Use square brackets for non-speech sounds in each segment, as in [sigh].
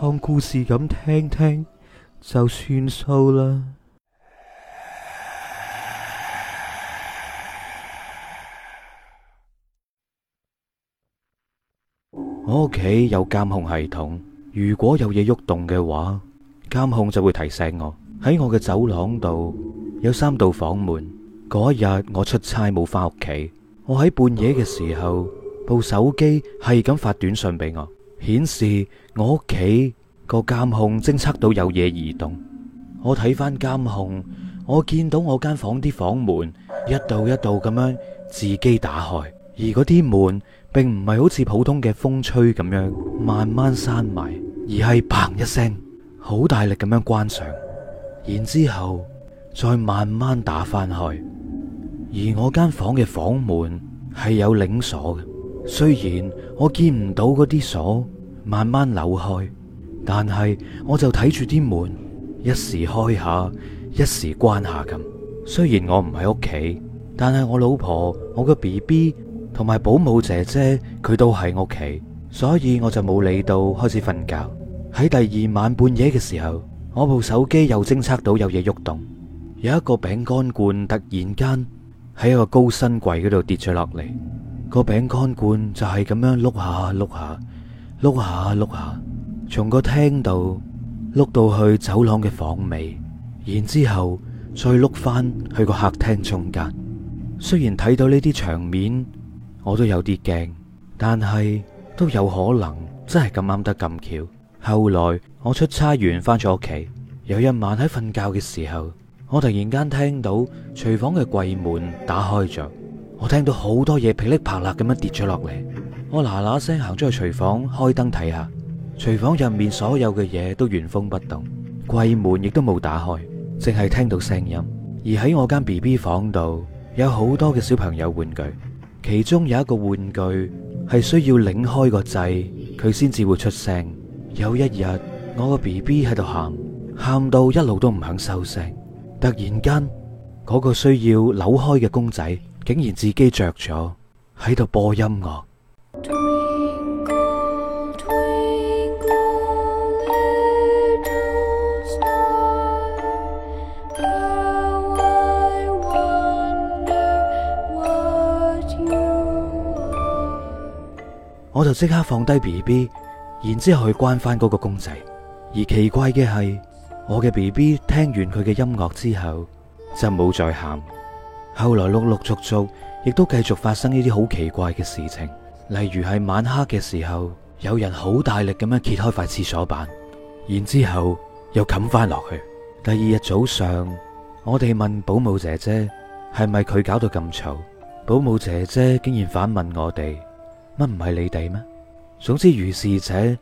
當故事咁聽聽就算數啦。我屋企有監控系統，如果有嘢喐動嘅話，監控就會提醒我。喺我嘅走廊度有三道房門。嗰日我出差冇返屋企，我喺半夜嘅時候，部手機係咁發短信俾我。顯示我屋企個監控偵測到有嘢移動，我睇翻監控，我見到我間房啲房門一道一道咁樣自己打開，而嗰啲門並唔係好似普通嘅風吹咁樣慢慢閂埋，而係砰一聲好大力咁樣關上，然之後再慢慢打翻開，而我間房嘅房門係有擰鎖嘅。雖然我見唔到嗰啲鎖慢慢扭開，但係我就睇住啲門一時開下，一時關下咁。雖然我唔喺屋企，但係我老婆、我嘅 B B 同埋保姆姐姐佢都喺屋企，所以我就冇理到，開始瞓覺。喺第二晚半夜嘅時候，我部手機又偵測到有嘢喐動，有一個餅乾罐突然間喺一個高身櫃嗰度跌咗落嚟。個餅乾罐就係咁樣碌下碌下碌下碌下，從個廳度碌到去走廊嘅房尾，然之後再碌翻去個客廳中間。雖然睇到呢啲場面，我都有啲驚，但係都有可能真係咁啱得咁巧。後來我出差完翻咗屋企，有一晚喺瞓覺嘅時候，我突然間聽到廚房嘅櫃門打開咗。我聽到好多嘢噼里啪啦咁樣跌咗落嚟，我嗱嗱聲行咗去廚房開燈睇下，廚房入面所有嘅嘢都原封不動，櫃門亦都冇打開，淨係聽到聲音。而喺我間 B B 房度有好多嘅小朋友玩具，其中有一個玩具係需要擰開個掣，佢先至會出聲。有一日我個 B B 喺度喊，喊到一路都唔肯收聲，突然間嗰個需要扭開嘅公仔，竟然自己着咗喺度播音樂，Twinkle, Twinkle, Little Star，我就即刻放低 BB，然之後去關翻嗰個公仔。而奇怪嘅係，我嘅 BB 聽完佢嘅音樂之後就冇再喊。後來陸陸續續，亦都繼續發生呢啲好奇怪嘅事情，例如係晚黑嘅時候，有人好大力咁樣揭開塊廁所板，然之後又冚翻落去。第二日早上，我哋問保姆姐姐係咪佢搞到咁嘈，保姆姐姐竟然反問我哋，乜唔係你哋咩？總之，如是者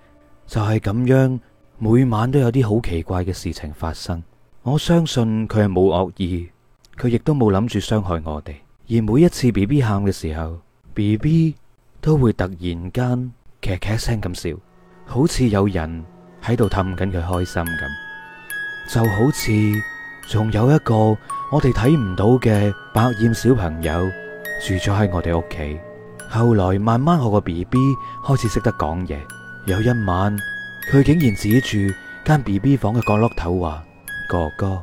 就係咁樣，每晚都有啲好奇怪嘅事情發生。我相信佢係冇惡意。佢亦都冇諗住傷害我哋，而每一次 B B 喊嘅時候，B BB B 都會突然間騎騎 [laughs] 聲咁笑，好似有人喺度氹緊佢開心咁，就好似仲有一個我哋睇唔到嘅百厭小朋友住咗喺我哋屋企。後來慢慢我個 B B 開始識得講嘢，有一晚佢竟然指住間 B B 房嘅角落頭話：哥哥。